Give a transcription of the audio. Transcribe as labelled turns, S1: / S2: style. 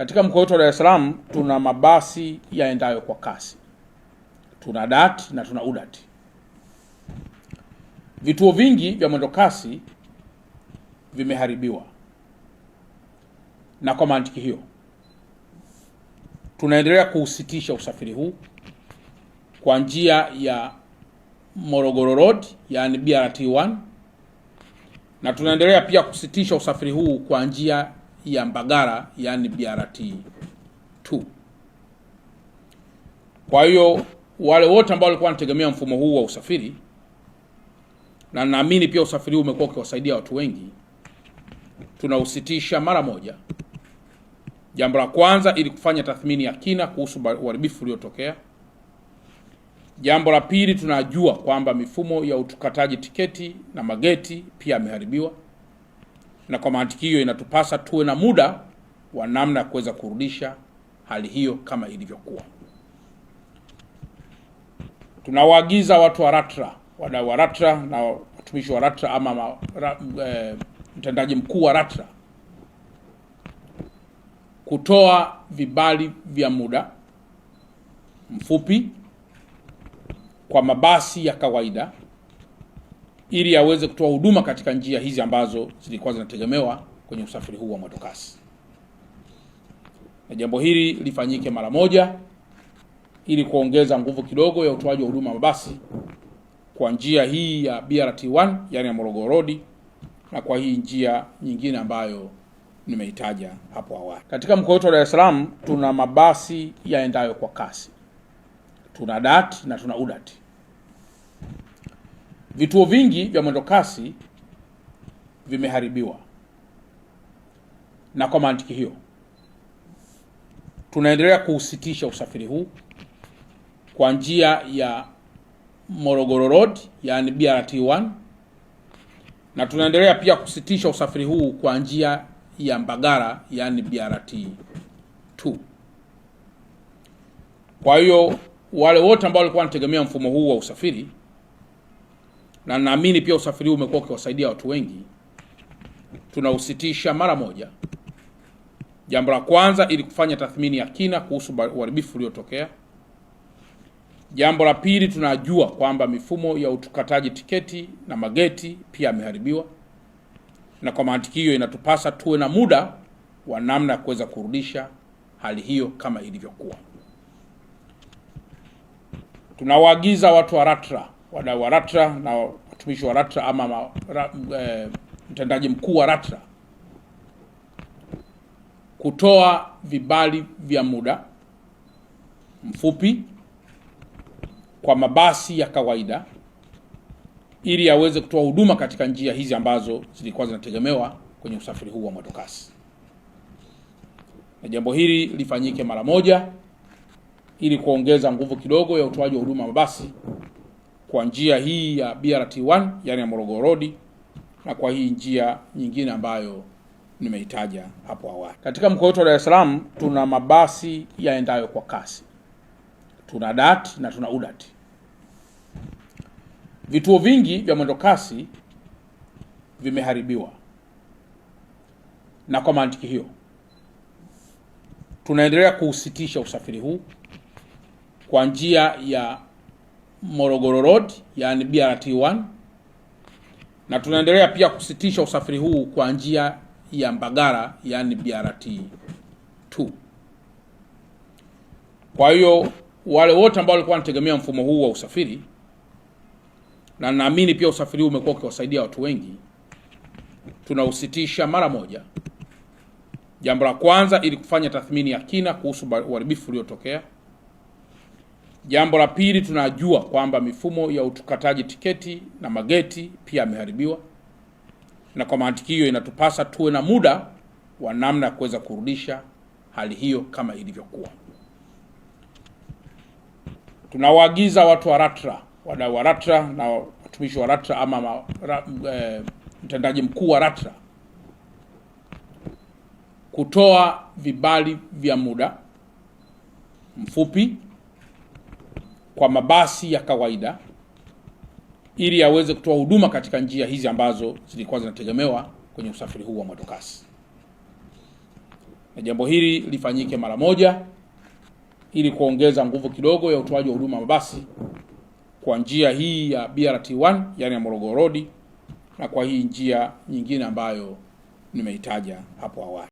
S1: Katika mkoa wetu wa Dar es Salaam tuna mabasi yaendayo kwa kasi, tuna dati na tuna udati. Vituo vingi vya mwendo kasi vimeharibiwa, na kwa mantiki hiyo tunaendelea kuusitisha usafiri huu kwa njia ya Morogoro Road, yani BRT1, na tunaendelea pia kusitisha usafiri huu kwa njia ya Mbagara, yani BRT 2. Kwa hiyo wale wote ambao walikuwa wanategemea mfumo huu wa usafiri, na naamini pia usafiri huu umekuwa ukiwasaidia watu wengi, tunausitisha mara moja. Jambo la kwanza, ili kufanya tathmini ya kina kuhusu uharibifu uliotokea. Jambo la pili, tunajua kwamba mifumo ya utukataji tiketi na mageti pia yameharibiwa na kwa hiyo inatupasa tuwe na muda wa namna ya kuweza kurudisha hali hiyo kama ilivyokuwa. Tunawaagiza watu wa RATRA, wadau wa RATRA na watumishi wa RATRA ama ma, ra, e, mtendaji mkuu wa ratra kutoa vibali vya muda mfupi kwa mabasi ya kawaida ili aweze kutoa huduma katika njia hizi ambazo zilikuwa zinategemewa kwenye usafiri huu wa mwendokasi, na jambo hili lifanyike mara moja ili kuongeza nguvu kidogo ya utoaji wa huduma mabasi kwa njia hii ya BRT1 yani ya Morogoro Road na kwa hii njia nyingine ambayo nimeitaja hapo awali. Katika mkoa wetu wa Dar es Salaam tuna mabasi yaendayo kwa kasi, tuna DAT na tuna UDAT. Vituo vingi vya mwendokasi vimeharibiwa, na kwa mantiki hiyo tunaendelea kuusitisha usafiri huu kwa njia ya Morogoro Road, yani BRT1, na tunaendelea pia kusitisha usafiri huu kwa njia ya Mbagala, yani BRT2. Kwa hiyo wale wote ambao walikuwa wanategemea mfumo huu wa usafiri na naamini pia usafiri huu umekuwa ukiwasaidia watu wengi, tunausitisha mara moja. Jambo la kwanza ili kufanya tathmini ya kina kuhusu uharibifu uliotokea. Jambo la pili, tunajua kwamba mifumo ya utukataji tiketi na mageti pia yameharibiwa, na kwa mantiki hiyo inatupasa tuwe na muda wa namna ya kuweza kurudisha hali hiyo kama ilivyokuwa. Tunawaagiza watu wa RATRA wadau wa LATRA na watumishi wa LATRA ama ma, ra, e, mtendaji mkuu wa LATRA kutoa vibali vya muda mfupi kwa mabasi ya kawaida ili aweze kutoa huduma katika njia hizi ambazo zilikuwa zinategemewa kwenye usafiri huu wa mwendokasi, na jambo hili lifanyike mara moja ili kuongeza nguvu kidogo ya utoaji wa huduma mabasi kwa njia hii ya BRT1 yani ya Morogoro Road na kwa hii njia nyingine ambayo nimeitaja hapo awali. Katika mkoa wetu wa Dar es Salaam tuna mabasi yaendayo kwa kasi, tuna DAT na tuna UDAT. Vituo vingi vya mwendo kasi vimeharibiwa, na kwa mantiki hiyo tunaendelea kuusitisha usafiri huu kwa njia ya Morogoro Road, yani BRT1, na tunaendelea pia kusitisha usafiri huu kwa njia ya mbagara yani BRT2. Kwa hiyo wale wote ambao walikuwa wanategemea mfumo huu wa usafiri, na naamini pia usafiri huu umekuwa ukiwasaidia watu wengi, tunausitisha mara moja. Jambo la kwanza, ili kufanya tathmini ya kina kuhusu uharibifu uliotokea. Jambo la pili, tunajua kwamba mifumo ya utukataji tiketi na mageti pia yameharibiwa, na kwa mantiki hiyo inatupasa tuwe na muda wa namna ya kuweza kurudisha hali hiyo kama ilivyokuwa. Tunawaagiza watu wa ratra wadau wa ratra na watumishi wa RATRA ama ma, ra, e, mtendaji mkuu wa ratra kutoa vibali vya muda mfupi kwa mabasi ya kawaida ili aweze kutoa huduma katika njia hizi ambazo zilikuwa zinategemewa kwenye usafiri huu wa mwendokasi, na jambo hili lifanyike mara moja ili kuongeza nguvu kidogo ya utoaji wa huduma mabasi kwa njia hii ya BRT1 yani ya Morogoro Road na kwa hii njia nyingine ambayo nimeitaja hapo awali.